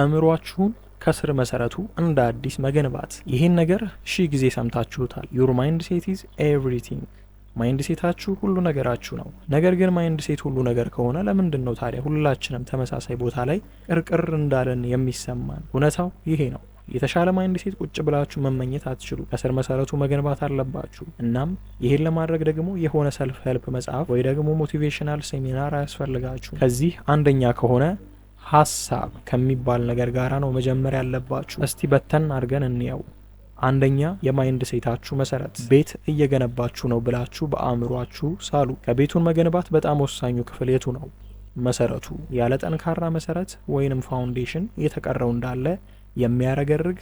አእምሯችሁን ከስር መሰረቱ እንደ አዲስ መገንባት። ይህን ነገር ሺህ ጊዜ ሰምታችሁታል። ዩር ማይንድ ሴት ኢዝ ኤቭሪቲንግ። ማይንድ ሴታችሁ ሁሉ ነገራችሁ ነው። ነገር ግን ማይንድ ሴት ሁሉ ነገር ከሆነ ለምንድን ነው ታዲያ ሁላችንም ተመሳሳይ ቦታ ላይ ቅርቅር እንዳለን የሚሰማን? እውነታው ይሄ ነው። የተሻለ ማይንድ ሴት ቁጭ ብላችሁ መመኘት አትችሉ። ከስር መሰረቱ መገንባት አለባችሁ። እናም ይህን ለማድረግ ደግሞ የሆነ ሰልፍ ሄልፕ መጽሐፍ ወይ ደግሞ ሞቲቬሽናል ሴሚናር አያስፈልጋችሁ። ከዚህ አንደኛ ከሆነ ሀሳብ ከሚባል ነገር ጋራ ነው መጀመሪያ ያለባችሁ። እስቲ በተን አድርገን እንየው። አንደኛ የማይንድ ሴታችሁ መሰረት ቤት እየገነባችሁ ነው ብላችሁ በአእምሯችሁ ሳሉ። ከቤቱን መገንባት በጣም ወሳኙ ክፍል የቱ ነው? መሰረቱ። ያለ ጠንካራ መሰረት ወይንም ፋውንዴሽን የተቀረው እንዳለ የሚያረገርግ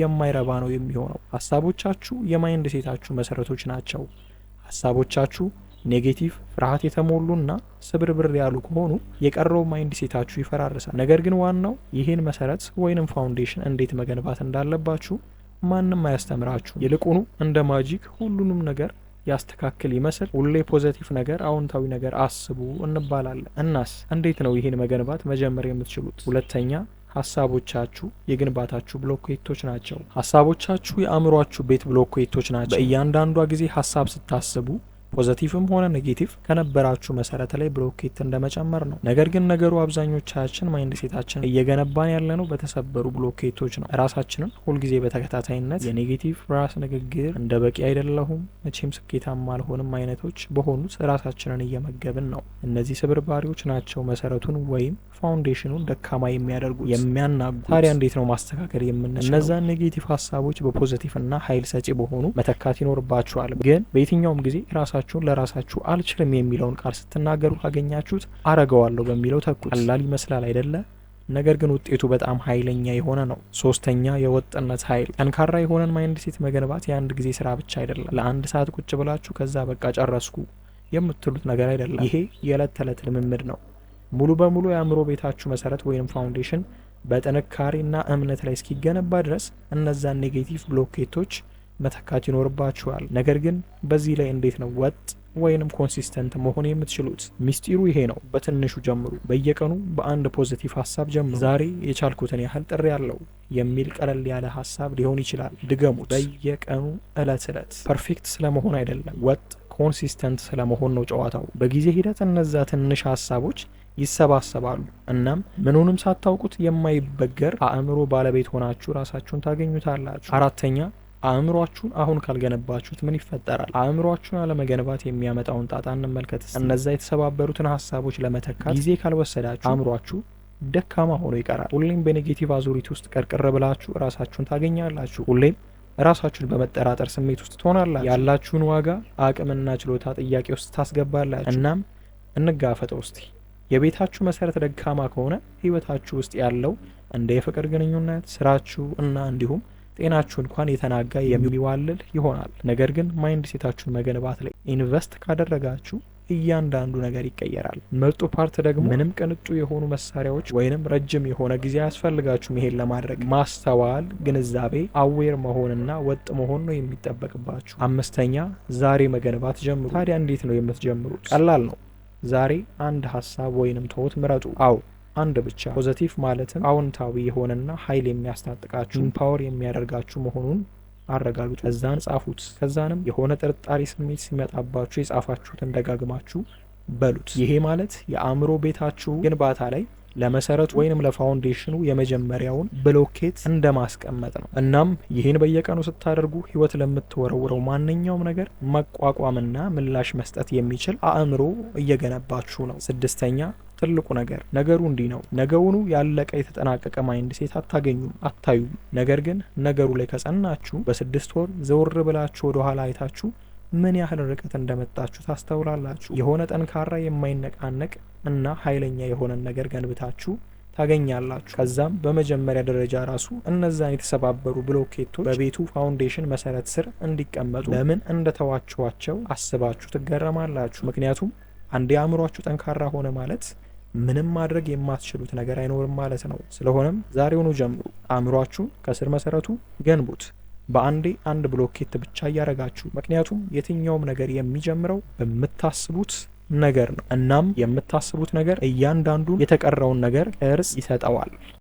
የማይረባ ነው የሚሆነው። ሀሳቦቻችሁ የማይንድ ሴታችሁ መሰረቶች ናቸው። ሀሳቦቻችሁ ኔጌቲቭ ፍርሃት የተሞሉና ስብርብር ያሉ ከሆኑ የቀረው ማይንድ ሴታችሁ ይፈራርሳል። ነገር ግን ዋናው ይህን መሰረት ወይንም ፋውንዴሽን እንዴት መገንባት እንዳለባችሁ ማንም አያስተምራችሁ። ይልቁኑ እንደ ማጂክ ሁሉንም ነገር ያስተካክል ይመስል ሁሌ ፖዘቲቭ ነገር፣ አዎንታዊ ነገር አስቡ እንባላለን። እናስ እንዴት ነው ይህን መገንባት መጀመር የምትችሉት? ሁለተኛ ሀሳቦቻችሁ የግንባታችሁ ብሎኬቶች ናቸው። ሀሳቦቻችሁ የአእምሯችሁ ቤት ብሎኬቶች ናቸው። በእያንዳንዷ ጊዜ ሀሳብ ስታስቡ ፖዘቲቭም ሆነ ኔጌቲቭ ከነበራችሁ መሰረተ ላይ ብሎኬት እንደመጨመር ነው። ነገር ግን ነገሩ አብዛኞቻችን ማይንድ ሴታችን እየገነባን ያለነው በተሰበሩ ብሎኬቶች ነው። ራሳችንን ሁልጊዜ በተከታታይነት የኔጌቲቭ ራስ ንግግር እንደ በቂ አይደለሁም፣ መቼም ስኬታማ አልሆንም አይነቶች በሆኑት ራሳችንን እየመገብን ነው። እነዚህ ስብርባሪዎች ናቸው መሰረቱን ወይም ፋውንዴሽኑን ደካማ የሚያደርጉት የሚያናጉ። ታዲያ እንዴት ነው ማስተካከል የምንችለው? እነዛን ኔጌቲቭ ሀሳቦች በፖዘቲቭና ሀይል ሰጪ በሆኑ መተካት ይኖርባቸዋል ግን በየትኛውም ጊዜ ራሳ ራሳችሁን ለራሳችሁ አልችልም የሚለውን ቃል ስትናገሩ ካገኛችሁት አረገዋለሁ በሚለው ተኩት። ቀላል ይመስላል አይደለ? ነገር ግን ውጤቱ በጣም ኃይለኛ የሆነ ነው። ሶስተኛ የወጥነት ኃይል። ጠንካራ የሆነን ማይንድ ሴት መገንባት የአንድ ጊዜ ስራ ብቻ አይደለም። ለአንድ ሰዓት ቁጭ ብላችሁ ከዛ በቃ ጨረስኩ የምትሉት ነገር አይደለም። ይሄ የዕለት ተዕለት ልምምድ ነው። ሙሉ በሙሉ የአእምሮ ቤታችሁ መሰረት ወይም ፋውንዴሽን በጥንካሬና እምነት ላይ እስኪገነባ ድረስ እነዛን ኔጌቲቭ ብሎኬቶች መተካት ይኖርባችኋል። ነገር ግን በዚህ ላይ እንዴት ነው ወጥ ወይንም ኮንሲስተንት መሆን የምትችሉት? ሚስጢሩ ይሄ ነው። በትንሹ ጀምሩ። በየቀኑ በአንድ ፖዚቲቭ ሀሳብ ጀምሩ። ዛሬ የቻልኩትን ያህል ጥሪ ያለው የሚል ቀለል ያለ ሀሳብ ሊሆን ይችላል። ድገሙት በየቀኑ እለት እለት። ፐርፌክት ስለመሆን አይደለም፣ ወጥ ኮንሲስተንት ስለመሆን ነው ጨዋታው። በጊዜ ሂደት እነዛ ትንሽ ሀሳቦች ይሰባሰባሉ እናም ምኑንም ሳታውቁት የማይበገር አእምሮ ባለቤት ሆናችሁ ራሳችሁን ታገኙታላችሁ። አራተኛ አእምሯችሁን አሁን ካልገነባችሁት ምን ይፈጠራል? አእምሯችሁን አለመገንባት የሚያመጣውን ጣጣ እንመልከት። እነዛ የተሰባበሩትን ሀሳቦች ለመተካት ጊዜ ካልወሰዳችሁ አእምሯችሁ ደካማ ሆኖ ይቀራል። ሁሌም በኔጌቲቭ አዙሪት ውስጥ ቀርቅር ብላችሁ ራሳችሁን ታገኛላችሁ። ሁሌም ራሳችሁን በመጠራጠር ስሜት ውስጥ ትሆናላችሁ። ያላችሁን ዋጋ፣ አቅምና ችሎታ ጥያቄ ውስጥ ታስገባላችሁ። እናም እንጋፈጠው እስቲ። የቤታችሁ መሰረት ደካማ ከሆነ ህይወታችሁ ውስጥ ያለው እንደ የፍቅር ግንኙነት፣ ስራችሁ እና እንዲሁም ጤናችሁ እንኳን የተናጋ የሚዋልል ይሆናል። ነገር ግን ማይንድ ሴታችሁን መገንባት ላይ ኢንቨስት ካደረጋችሁ እያንዳንዱ ነገር ይቀየራል። ምርጡ ፓርት ደግሞ ምንም ቅንጡ የሆኑ መሳሪያዎች ወይንም ረጅም የሆነ ጊዜ አያስፈልጋችሁም። ይሄን ለማድረግ ማስተዋል፣ ግንዛቤ፣ አዌር መሆንና ወጥ መሆን ነው የሚጠበቅባችሁ። አምስተኛ ዛሬ መገንባት ጀምሩ። ታዲያ እንዴት ነው የምትጀምሩት? ቀላል ነው። ዛሬ አንድ ሀሳብ ወይንም ትሁት ምረጡ። አዎ አንድ ብቻ ፖዘቲቭ ማለትም አዎንታዊ የሆነና ኃይል የሚያስታጥቃችሁ ኢምፓወር የሚያደርጋችሁ መሆኑን አረጋግጡ። ከዛን ጻፉት። ከዛንም የሆነ ጥርጣሬ ስሜት ሲመጣባችሁ የጻፋችሁትን ደጋግማችሁ በሉት። ይሄ ማለት የአእምሮ ቤታችሁ ግንባታ ላይ ለመሰረቱ ወይንም ለፋውንዴሽኑ የመጀመሪያውን ብሎኬት እንደ ማስቀመጥ ነው። እናም ይህን በየቀኑ ስታደርጉ ህይወት ለምትወረውረው ማንኛውም ነገር መቋቋምና ምላሽ መስጠት የሚችል አእምሮ እየገነባችሁ ነው። ስድስተኛ ትልቁ ነገር ነገሩ እንዲህ ነው። ነገውኑ ያለቀ የተጠናቀቀ ማይንድ ሴት አታገኙም፣ አታዩም። ነገር ግን ነገሩ ላይ ከጸናችሁ በስድስት ወር ዘወር ብላችሁ ወደ ኋላ አይታችሁ ምን ያህል ርቀት እንደመጣችሁ ታስተውላላችሁ። የሆነ ጠንካራ የማይነቃነቅ እና ኃይለኛ የሆነን ነገር ገንብታችሁ ታገኛላችሁ። ከዛም በመጀመሪያ ደረጃ ራሱ እነዛን የተሰባበሩ ብሎኬቶች በቤቱ ፋውንዴሽን መሰረት ስር እንዲቀመጡ ለምን እንደተዋችኋቸው አስባችሁ ትገረማላችሁ። ምክንያቱም አንድ አእምሯችሁ ጠንካራ ሆነ ማለት ምንም ማድረግ የማትችሉት ነገር አይኖርም ማለት ነው። ስለሆነም ዛሬውኑ ጀምሩ። አእምሯችሁን ከስር መሰረቱ ገንቡት። በአንዴ አንድ ብሎኬት ብቻ እያረጋችሁ፣ ምክንያቱም የትኛውም ነገር የሚጀምረው በምታስቡት ነገር ነው። እናም የምታስቡት ነገር እያንዳንዱን የተቀረውን ነገር ቅርጽ ይሰጠዋል።